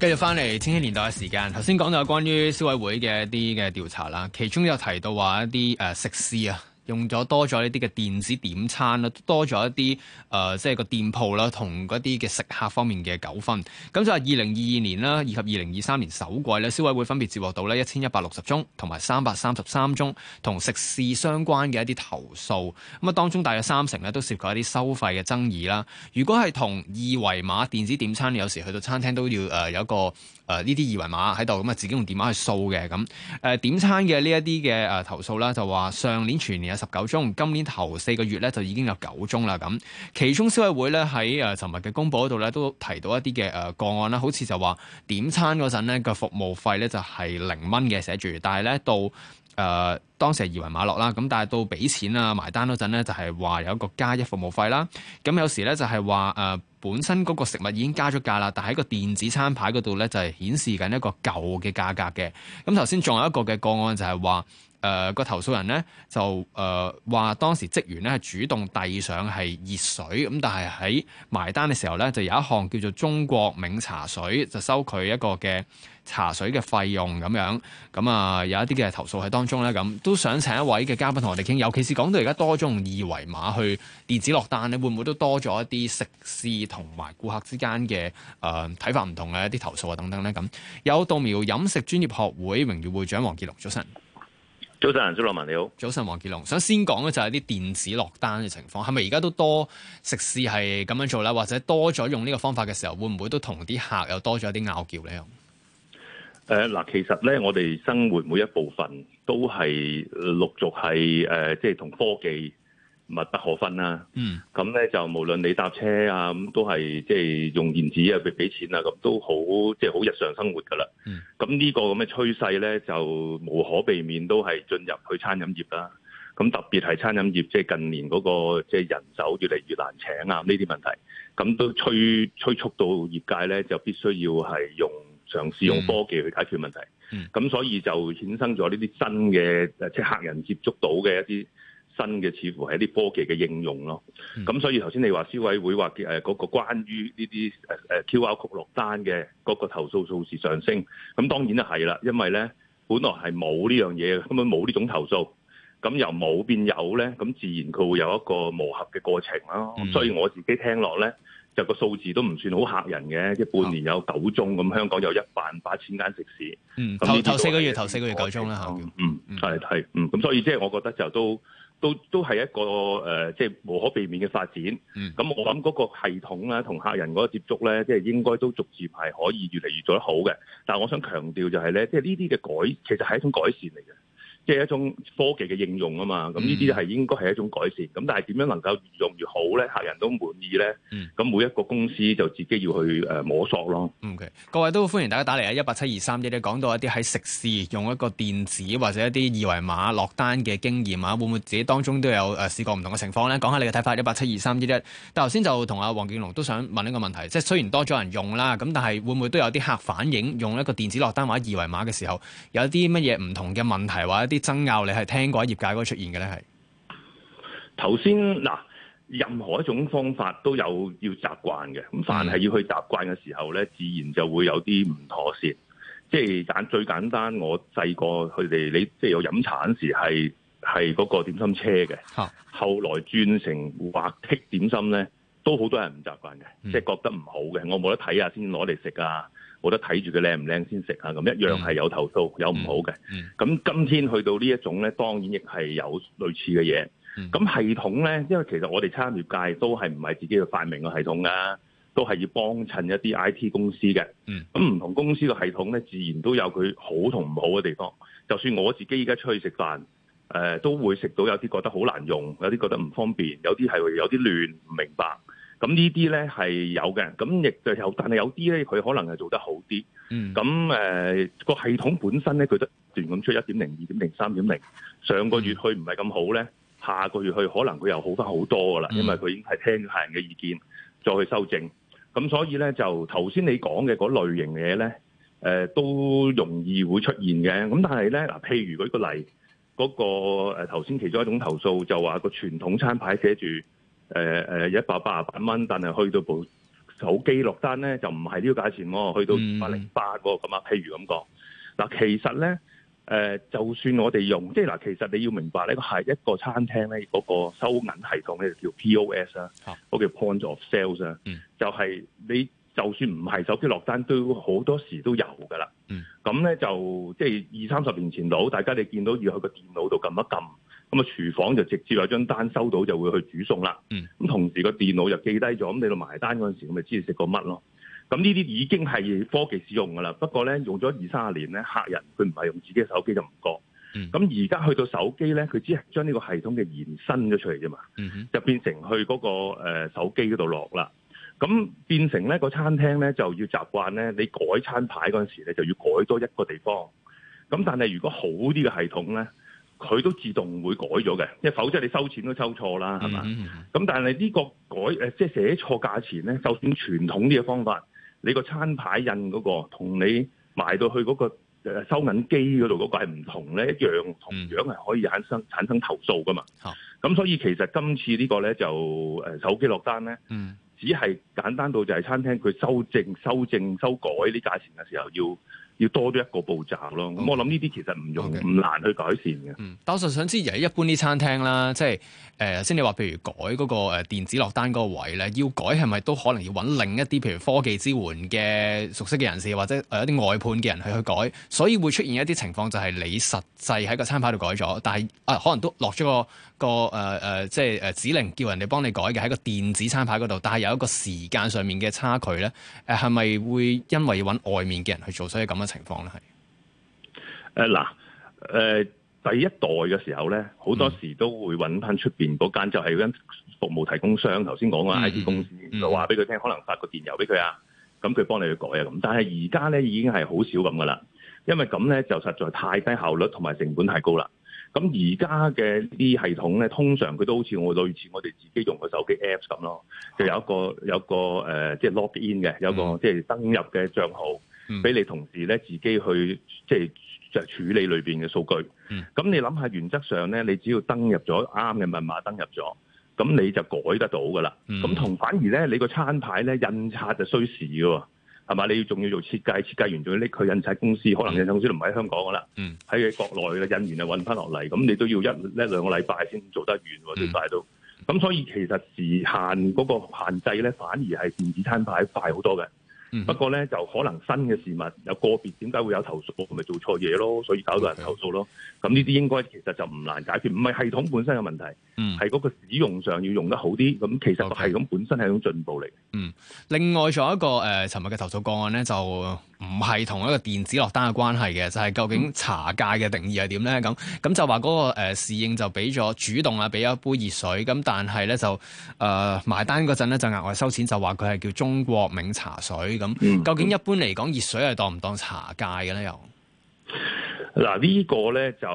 繼續返嚟《千禧年代》嘅時間，頭先講到關於消委會嘅一啲嘅調查啦，其中有提到話一啲、呃、食肆啊。用咗多咗呢啲嘅電子點餐啦，多咗一啲、呃、即係個店鋪啦，同嗰啲嘅食客方面嘅糾紛。咁就係二零二二年啦，以及二零二三年首季咧，消委會分別接獲到咧一千一百六十宗同埋三百三十三宗同食肆相關嘅一啲投訴。咁啊，當中大約三成咧都涉及一啲收費嘅爭議啦。如果係同二維碼電子點餐，你有時去到餐廳都要、呃、有一個。呢啲、呃、二維碼喺度，咁啊自己用電話去掃嘅咁、呃。點餐嘅呢一啲嘅投訴啦，就話上年全年有十九宗，今年頭四個月咧就已經有九宗啦。咁，其中消委會咧喺誒尋日嘅公佈嗰度咧都提到一啲嘅誒個案啦，好似就話點餐嗰陣咧嘅服務費咧就係零蚊嘅寫住，但係咧到、呃當時係二維碼落啦，咁但係到俾錢啊埋單嗰陣咧，就係話有一個加一服務費啦。咁有時咧就係話誒本身嗰個食物已經加咗價啦，但係喺個電子餐牌嗰度咧就係顯示緊一個舊嘅價格嘅。咁頭先仲有一個嘅個案就係話。誒、呃，那個投訴人呢，就誒話、呃、當時職員呢，係主動遞上係熱水，咁但係喺埋單嘅時候呢，就有一項叫做中國茗茶水，就收佢一個嘅茶水嘅費用咁樣，咁啊、呃、有一啲嘅投訴喺當中呢，咁都想請一位嘅嘉賓同我哋傾，尤其是講到而家多咗用二維碼去電子落單呢，會唔會都多咗一啲食肆同埋顧客之間嘅誒睇法唔同嘅一啲投訴啊等等呢。咁有稻苗飲食專業學會榮譽會長黃傑龍，早晨。早晨，蘇樂文你好。早晨，黃傑龍，想先講咧，就係啲電子落單嘅情況，係咪而家都多食肆係咁樣做咧？或者多咗用呢個方法嘅時候，會唔會都同啲客又多咗一啲拗撬咧？誒，嗱，其實咧，我哋生活每一部分都係陸續係誒、呃，即係同科技。密不可分啦、啊，咁咧、嗯、就無論你搭車啊，咁都係即係用電子啊，俾俾錢啊，咁都好，即係好日常生活噶啦。咁呢、嗯、個咁嘅趨勢咧，就無可避免都係進入去餐飲業啦。咁特別係餐飲業，即、就、係、是、近年嗰個即係人手越嚟越難請啊，呢啲問題，咁都催催促到業界咧，就必須要係用嘗試用科技去解決問題。咁、嗯嗯、所以就衍生咗呢啲新嘅，即、就是、客人接觸到嘅一啲。新嘅似乎係啲科技嘅應用咯，咁、嗯、所以頭先你話消委會話誒嗰個關於呢啲誒誒 QR code 落單嘅嗰、嗰個投訴數字上升，咁當然啊係啦，因為咧本來係冇呢樣嘢，根本冇呢種投訴，咁由冇變有咧，咁自然佢會有一個磨合嘅過程啦、啊。嗯、所以我自己聽落咧，就個數字都唔算好嚇人嘅，即半年有九宗咁，香港有一萬八千間食肆，嗯頭，頭四個月頭四個月九宗啦嚇，嗯嗯，係係嗯，咁所以即係我覺得就都。都都係一個誒、呃，即係無可避免嘅發展。嗯，咁我諗嗰個系統啊同客人嗰個接觸咧，即係應該都逐漸係可以越嚟越做得好嘅。但係我想強調就係、是、咧，即係呢啲嘅改，其實係一種改善嚟嘅。係一種科技嘅應用啊嘛，咁呢啲係應該係一種改善，咁、嗯、但係點樣能夠越用越好咧，客人都滿意咧？咁、嗯、每一個公司就自己要去誒摸索咯。嗯 okay. 各位都歡迎大家打嚟啊！一八七二三一咧，講到一啲喺食肆用一個電子或者一啲二維碼落單嘅經驗啊，會唔會自己當中都有誒試過唔同嘅情況咧？講下你嘅睇法一八七二三一一。1, 但係頭先就同阿黃傑龍都想問呢個問題，即係雖然多咗人用啦，咁但係會唔會都有啲客反映用一個電子落單或者二維碼嘅時候，有啲乜嘢唔同嘅問題，或者一啲？爭拗，你係聽過喺業界嗰出現嘅咧？係，頭先嗱，任何一種方法都有要習慣嘅。咁凡係要去習慣嘅時候咧，嗯、自然就會有啲唔妥善。即係簡最簡單，我細個佢哋你即係有飲茶嗰陣時係係嗰個點心車嘅，啊、後來轉成劃剔點心咧，都好多人唔習慣嘅，嗯、即係覺得唔好嘅。我冇得睇下先攞嚟食啊！我冇得睇住佢靚唔靚先食啊！咁一樣係有投訴，嗯、有唔好嘅。咁、嗯嗯、今天去到呢一種呢，當然亦係有類似嘅嘢。咁、嗯、系統呢，因為其實我哋餐業界都係唔係自己嘅發明嘅系統啊，都係要幫襯一啲 I T 公司嘅。咁唔、嗯、同公司嘅系統呢，自然都有佢好同唔好嘅地方。就算我自己而家出去食飯，誒、呃、都會食到有啲覺得好難用，有啲覺得唔方便，有啲係有啲亂，唔明白。咁呢啲咧係有嘅，咁亦就有，但係有啲咧佢可能係做得好啲。嗯，咁誒個系統本身咧，佢都不斷咁出一點零、二點零、三點零。上個月去唔係咁好咧，下個月去可能佢又好返好多噶啦，因為佢已經係聽客人嘅意見再去修正。咁所以咧就頭先你講嘅嗰類型嘢咧，呃，都容易會出現嘅。咁但係咧嗱，譬如舉個例，嗰個誒頭先其中一種投訴就話個傳統餐牌寫住。誒誒一百八十八蚊，但係去到部手機落單咧，就唔係呢個價錢喎，去到五百零八喎，咁啊、嗯，譬如咁講。嗱，其實咧，誒、呃，就算我哋用，即係嗱，其實你要明白咧，係一個餐廳咧嗰個收銀系統咧，就是、叫 P.O.S 啦、啊，嗰個叫 Point of Sales 啦、嗯，就係你就算唔係手機落單，都好多時都有㗎啦。咁咧、嗯、就即係二三十年前度，大家你見到要去個電腦度撳一撳。咁啊，廚房就直接有張單收到，就會去煮餸啦。咁、嗯、同時個電腦又記低咗，咁你度埋單嗰陣時，咪知你食過乜咯。咁呢啲已經係科技使用㗎啦。不過咧，用咗二三十年咧，客人佢唔係用自己嘅手機就唔覺。咁而家去到手機咧，佢只係將呢個系統嘅延伸咗出嚟啫嘛，嗯、哼就變成去嗰、嗰個、呃、手機嗰度落啦。咁變成咧個餐廳咧就要習慣咧，你改餐牌嗰陣時咧就要改多一個地方。咁但係如果好啲嘅系統咧？佢都自動會改咗嘅，否則你收錢都收錯啦，係嘛？咁、mm hmm. 但係呢個改，誒，即係寫錯價錢呢，就算傳統啲嘅方法，你個餐牌印嗰、嗰個同你埋到去嗰個收銀機嗰度嗰個係唔同呢，一樣同樣係可以產生產生投訴噶嘛。咁、mm hmm. 所以其實今次呢個呢，就手機落單呢，mm hmm. 只係簡單到就係餐廳佢修正、修正、修改啲價錢嘅時候要，要多啲一個步驟咯，Okay. 咁我諗呢啲其實唔用唔 Okay. 難去改善嘅、嗯。但我想知而家一般啲餐廳啦，即係誒先你話，譬如改嗰個誒電子落單嗰個位咧，要改係咪都可能要揾另一啲譬如科技支援嘅熟悉嘅人士，或者誒一啲外判嘅人去去改，所以會出現一啲情況就係、是、你實際喺個餐牌度改咗，但係啊、呃、可能都落咗個個誒誒、呃、即係誒指令叫人哋幫你改嘅喺個電子餐牌嗰度，但係有一個時間上面嘅差距咧，誒係咪會因為要揾外面嘅人去做，所以咁樣？情況咧係，誒嗱，誒第一代嘅時候咧，好多時都會揾翻出邊嗰間就係嗰間服務提供商，頭先講嘅 I T 公司，就話俾佢聽，可能發個電郵俾佢啊，咁佢幫你去改啊咁。但係而家咧已經係好少咁噶啦，因為咁咧就實在太低效率同埋成本太高啦。咁而家嘅啲系統咧，通常佢都好似我類似我哋自己用嘅手機 Apps 咁咯，就有一個有個誒，即係 log in 嘅，有一個即係、呃就是嗯、登入嘅帳號。俾、嗯、你同事咧自己去即係就處理裏面嘅數據。咁、嗯、你諗下原則上咧，你只要登入咗啱嘅密碼，登入咗，咁你就改得到噶啦。咁同、嗯、反而咧，你個餐牌咧印刷就需時噶喎，係嘛？你要仲要做設計，設計完仲要拎去印刷公司，嗯、可能印刷公司都唔喺香港噶啦，喺、嗯、國內嘅印完就運翻落嚟，咁你都要一一、嗯、兩個禮拜先做得完最快都。咁、嗯、所以其實時限嗰個限制咧，反而係電子餐牌快好多嘅。Mm hmm. 不過咧就可能新嘅事物有個別點解會有投訴，我咪做錯嘢咯，所以搞到人投訴咯。咁呢啲應該其實就唔難解決，唔係系統本身嘅問題，係嗰、mm hmm. 個使用上要用得好啲。咁其實係咁，本身係一種進步嚟嘅。嗯，Okay. 另外仲有一個誒，尋、呃、日嘅投訴個案咧就。唔係同一個電子落單嘅關係嘅，就係、是、究竟茶界嘅定義係點咧？咁咁就話嗰、那個侍、呃、應就俾咗主動啊，俾咗一杯熱水咁，但係咧就誒、呃、埋單嗰陣咧就額外收錢，就話佢係叫中國名茶水咁。究竟一般嚟講，嗯、熱水係當唔當茶界嘅咧？又嗱呢個咧就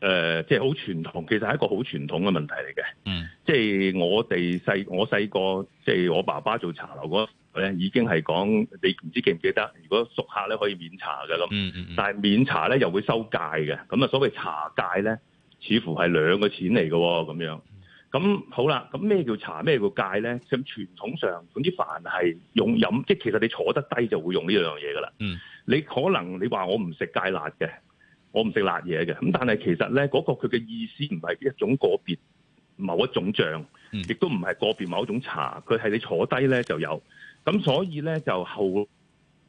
誒，即係好傳統，其實係一個好傳統嘅問題嚟嘅。嗯，即係我哋細我細個，即、就、係、是、我爸爸做茶樓嗰。咧已經係講你唔知記唔記得？如果熟客咧可以免茶嘅，咁，嗯嗯、但係免茶咧又會收芥嘅。咁啊，所謂茶芥咧，似乎係兩個錢嚟嘅喎，咁樣。咁好啦，咁咩叫茶？咩叫芥咧？咁傳統上，總之凡係用飲，即其實你坐得低就會用呢樣嘢㗎啦。嗯、你可能你話我唔食芥辣嘅，我唔食辣嘢嘅，咁但係其實咧嗰個佢嘅意思唔係一種個別某一種醬，亦都唔係個別某一種茶，佢係你坐低咧就有。咁所以咧就後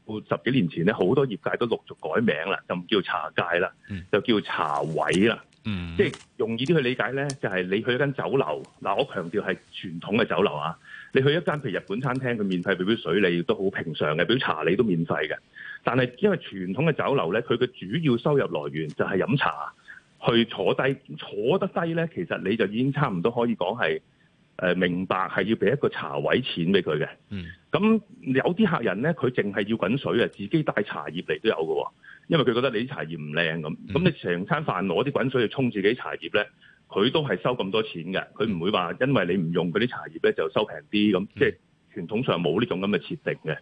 十幾年前咧，好多業界都陸續改名啦，就唔叫茶界啦，就叫茶位啦。嗯，即係容易啲去理解咧，就係你去一間酒樓，嗱我強調係傳統嘅酒樓啊，你去一間譬如日本餐廳，佢免費俾杯水你亦都好平常嘅，俾茶你都免費嘅。但係因為傳統嘅酒樓咧，佢嘅主要收入來源就係飲茶，去坐低坐得低咧，其實你就已經差唔多可以講係。誒明白係要俾一個茶位錢俾佢嘅，咁、嗯、有啲客人咧，佢淨係要滾水啊，自己帶茶葉嚟都有喎，因為佢覺得你啲茶葉唔靚咁，咁、嗯、你成餐飯攞啲滾水去沖自己茶葉咧，佢都係收咁多錢嘅，佢唔會話因為你唔用嗰啲茶葉咧就收平啲咁，即係、嗯、傳統上冇呢種咁嘅設定嘅。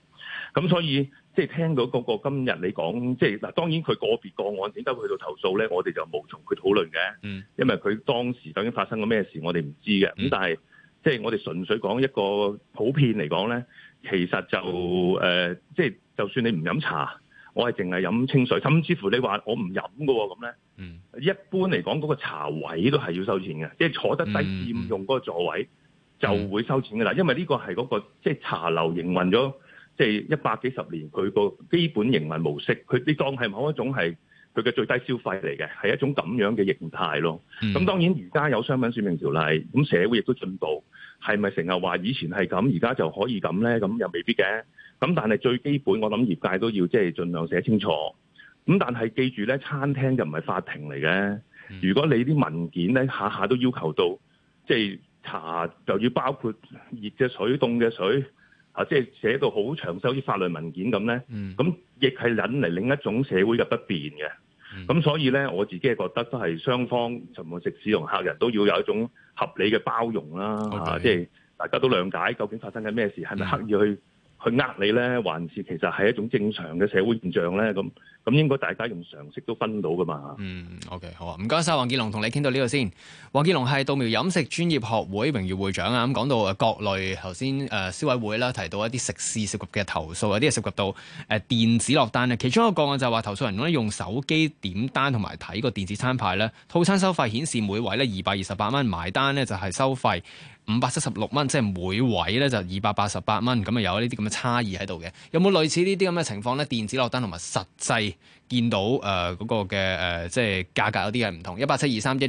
咁所以即係、就是、聽到、那、嗰個今日你講，即係嗱，當然佢個別個案點解會去到投訴咧，我哋就無從去討論嘅，嗯、因為佢當時究竟發生咗咩事我，我哋唔知嘅。咁但係，即係我哋純粹講一個普遍嚟講咧，其實就誒，即、呃、係就算你唔飲茶，我係淨係飲清水。甚至乎你話我唔飲㗎喎，咁咧，一般嚟講嗰個茶位都係要收錢嘅，即係坐得低佔用嗰個座位就會收錢㗎啦。因為呢個係嗰、嗰個即係茶樓營運咗即係一百幾十年佢個基本營運模式，佢你當係某一種係。佢嘅最低消費嚟嘅，係一種咁樣嘅形態咯。咁、嗯、當然而家有商品説明條例，咁社會亦都進步，係咪成日話以前係咁，而家就可以咁咧？咁又未必嘅。咁但係最基本，我諗業界都要即係盡量寫清楚。咁但係記住咧，餐廳就唔係法庭嚟嘅。嗯、如果你啲文件咧下下都要求到，即係查，就要包括熱嘅水、凍嘅水。啊！即係寫到好長，好似法律文件咁咧，咁亦係引嚟另一種社會嘅不便嘅。咁、嗯、所以咧，我自己係覺得都係雙方，從食肆同客人都要有一種合理嘅包容啦。Okay. 即係大家都諒解，究竟發生緊咩事，係咪刻意去，嗯去呃你呢，還是其實係一種正常嘅社會現象呢？咁咁應該大家用常識都分到噶嘛？嗯，OK，好啊，唔該晒。黃傑龍，同你傾到呢度先。黃傑龍係稻苗飲食專業學會榮譽會長啊！咁講到各類頭先誒消委會啦，提到一啲食肆涉及嘅投訴，一啲係涉及到誒電子落單咧。其中一個個案就係、是、話，投訴人咧用手機點單同埋睇個電子餐牌呢，套餐收費顯示每位呢二百二十八蚊，埋單呢，就係收費，五百七十六蚊，即係每位咧就二百八十八蚊，咁啊有呢啲咁嘅差異喺度嘅。有冇類似這些呢啲咁嘅情況咧？電子落單同埋實際見到誒、呃嗰個嘅誒、呃、即係價格有啲嘢唔同。一百七二三一。